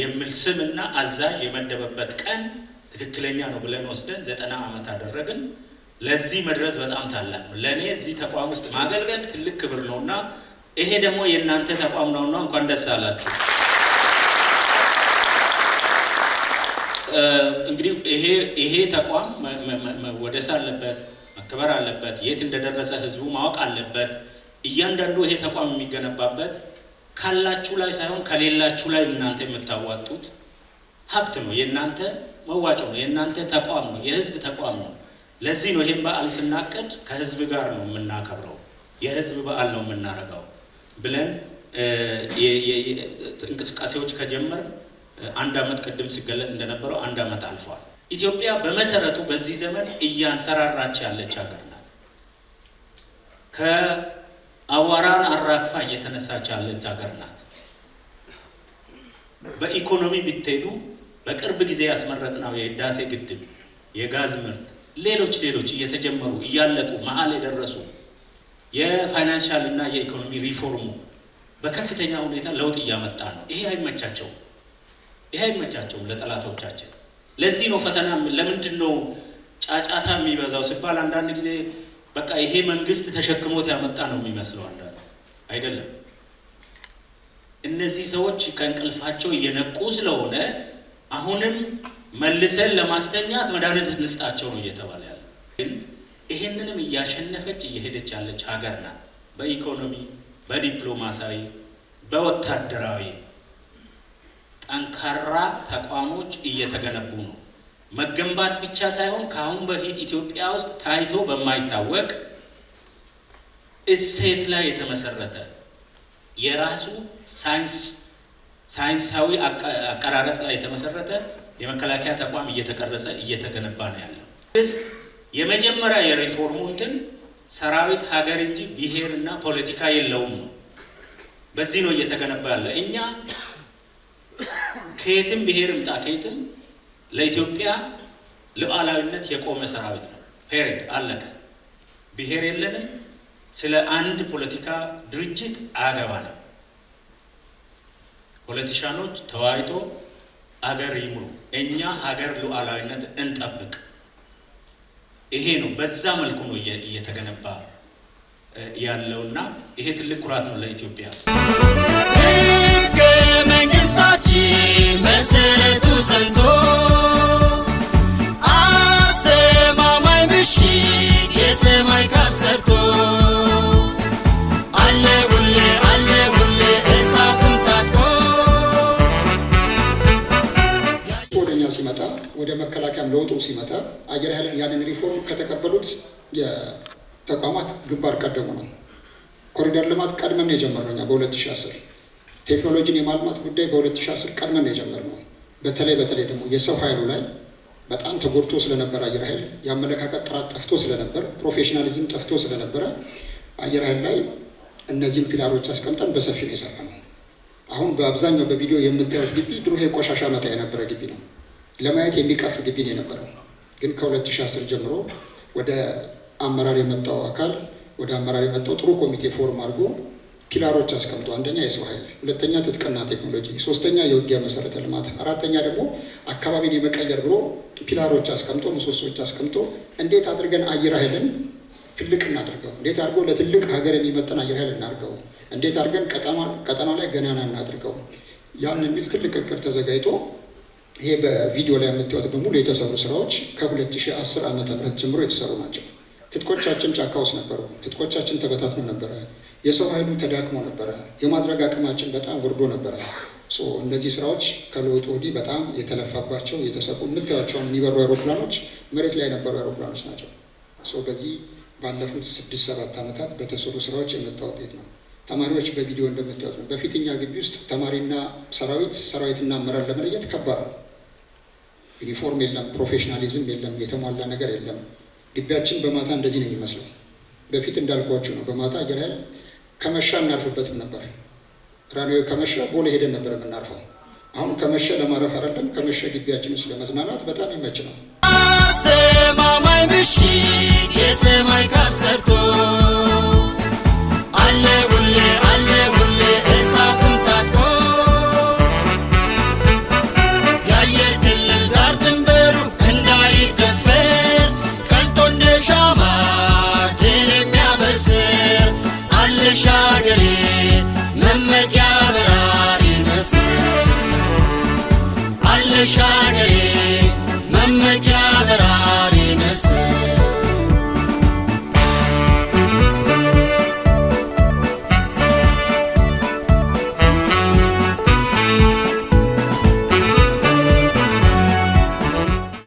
የሚል ስም እና አዛዥ የመደበበት ቀን ትክክለኛ ነው ብለን ወስደን ዘጠና ዓመት አደረግን። ለዚህ መድረስ በጣም ታላቅ ነው። ለእኔ እዚህ ተቋም ውስጥ ማገልገል ትልቅ ክብር ነው እና ይሄ ደግሞ የእናንተ ተቋም ነውና እንኳን ደስ አላችሁ። እንግዲህ ይሄ ተቋም መወደስ አለበት፣ መከበር አለበት። የት እንደደረሰ ህዝቡ ማወቅ አለበት። እያንዳንዱ ይሄ ተቋም የሚገነባበት ካላችሁ ላይ ሳይሆን ከሌላችሁ ላይ እናንተ የምታዋጡት ሀብት ነው። የእናንተ መዋጮ ነው። የእናንተ ተቋም ነው። የህዝብ ተቋም ነው። ለዚህ ነው ይህም በዓል ስናቅድ ከህዝብ ጋር ነው የምናከብረው፣ የህዝብ በዓል ነው የምናረገው ብለን እንቅስቃሴዎች ከጀመር አንድ አመት ቅድም ሲገለጽ እንደነበረው አንድ አመት አልፏል። ኢትዮጵያ በመሰረቱ በዚህ ዘመን እያንሰራራች ያለች ሀገር ናት። አዋራን አራግፋ እየተነሳች ያለች ሀገር ናት። በኢኮኖሚ ብትሄዱ በቅርብ ጊዜ ያስመረቅነው የህዳሴ ግድብ፣ የጋዝ ምርት፣ ሌሎች ሌሎች እየተጀመሩ እያለቁ መሀል የደረሱ የፋይናንሻል እና የኢኮኖሚ ሪፎርሙ በከፍተኛ ሁኔታ ለውጥ እያመጣ ነው። ይሄ አይመቻቸውም፣ ይሄ አይመቻቸውም ለጠላቶቻችን። ለዚህ ነው ፈተና። ለምንድን ነው ጫጫታ የሚበዛው ሲባል አንዳንድ ጊዜ በቃ ይሄ መንግስት ተሸክሞት ያመጣ ነው የሚመስለው አንዳንድ አይደለም። እነዚህ ሰዎች ከእንቅልፋቸው እየነቁ ስለሆነ አሁንም መልሰን ለማስተኛት መድኃኒት ንስጣቸው ነው እየተባለ ያለ። ግን ይህንንም እያሸነፈች እየሄደች ያለች ሀገር ናት። በኢኮኖሚ በዲፕሎማሲያዊ በወታደራዊ ጠንካራ ተቋሞች እየተገነቡ ነው። መገንባት ብቻ ሳይሆን ከአሁን በፊት ኢትዮጵያ ውስጥ ታይቶ በማይታወቅ እሴት ላይ የተመሰረተ የራሱ ሳይንሳዊ አቀራረጽ ላይ የተመሰረተ የመከላከያ ተቋም እየተቀረጸ እየተገነባ ነው ያለው። የመጀመሪያ የሪፎርሙ እንትን ሰራዊት ሀገር እንጂ ብሔር እና ፖለቲካ የለውም ነው። በዚህ ነው እየተገነባ ያለ። እኛ ከየትም ብሔር እምጣ ከየትም ለኢትዮጵያ ሉዓላዊነት የቆመ ሰራዊት ነው። ፔሬድ አለቀ። ብሔር የለንም። ስለ አንድ ፖለቲካ ድርጅት አገባ ነው። ፖለቲሻኖች ተዋይቶ አገር ይምሩ፣ እኛ ሀገር ሉዓላዊነት እንጠብቅ። ይሄ ነው። በዛ መልኩ ነው እየተገነባ ያለውና ይሄ ትልቅ ኩራት ነው ለኢትዮጵያ። የመከላከያም ለውጡ ሲመጣ አየር ኃይልም ያንን ሪፎርም ከተቀበሉት የተቋማት ግንባር ቀደሙ ነው። ኮሪደር ልማት ቀድመን የጀመርነው እኛ በ2010 ቴክኖሎጂን የማልማት ጉዳይ በ2010 ቀድመን የጀመርነው በተለይ በተለይ ደግሞ የሰው ኃይሉ ላይ በጣም ተጎድቶ ስለነበረ አየር ኃይል የአመለካከት ጥራት ጠፍቶ ስለነበር፣ ፕሮፌሽናሊዝም ጠፍቶ ስለነበረ አየር ኃይል ላይ እነዚህን ፒላሮች አስቀምጠን በሰፊ ነው የሰራ ነው። አሁን በአብዛኛው በቪዲዮ የምታዩት ግቢ ድሮ የቆሻሻ መታ የነበረ ግቢ ነው። ለማየት የሚቀፍ ግቢ ነው የነበረው። ግን ከ2010 ጀምሮ ወደ አመራር የመጣው አካል ወደ አመራር የመጣው ጥሩ ኮሚቴ ፎርም አድርጎ ፒላሮች አስቀምጦ አንደኛ የሰው ኃይል፣ ሁለተኛ ትጥቅና ቴክኖሎጂ፣ ሶስተኛ የውጊያ መሰረተ ልማት፣ አራተኛ ደግሞ አካባቢን የመቀየር ብሎ ፒላሮች አስቀምጦ ምሰሶዎች አስቀምጦ እንዴት አድርገን አየር ኃይልን ትልቅ እናድርገው፣ እንዴት አድርጎ ለትልቅ ሀገር የሚመጠን አየር ኃይል እናድርገው፣ እንዴት አድርገን ቀጠና ላይ ገናና እናድርገው ያን የሚል ትልቅ እቅድ ተዘጋጅቶ ይሄ በቪዲዮ ላይ የምታዩት በሙሉ የተሰሩ ስራዎች ከ2010 ዓ ም ጀምሮ የተሰሩ ናቸው። ትጥቆቻችን ጫካ ውስጥ ነበሩ። ትጥቆቻችን ተበታትኖ ነበረ። የሰው ኃይሉ ተዳክሞ ነበረ። የማድረግ አቅማችን በጣም ወርዶ ነበረ። እነዚህ ስራዎች ከለውጥ ወዲህ በጣም የተለፋባቸው የተሰሩ የምታዩቸውን የሚበሩ አሮፕላኖች መሬት ላይ የነበሩ አሮፕላኖች ናቸው። በዚህ ባለፉት ስድስት ሰባት ዓመታት በተሰሩ ስራዎች የመጣ ውጤት ነው። ተማሪዎች በቪዲዮ እንደምታዩት ነው። በፊትኛ ግቢ ውስጥ ተማሪና ሰራዊት ሰራዊትና አመራር ለመለየት ከባድ ነው። ዩኒፎርም የለም፣ ፕሮፌሽናሊዝም የለም፣ የተሟላ ነገር የለም። ግቢያችን በማታ እንደዚህ ነው የሚመስለው። በፊት እንዳልኳችሁ ነው። በማታ ጀራል ከመሻ እናርፍበትም ነበር። ራዲዮ ከመሻ ቦሌ ሄደን ነበር የምናርፈው። አሁን ከመሸ ለማረፍ አይደለም፣ ከመሸ ግቢያችን ውስጥ ለመዝናናት በጣም ይመች ነው። አስተማማኝ ምሽት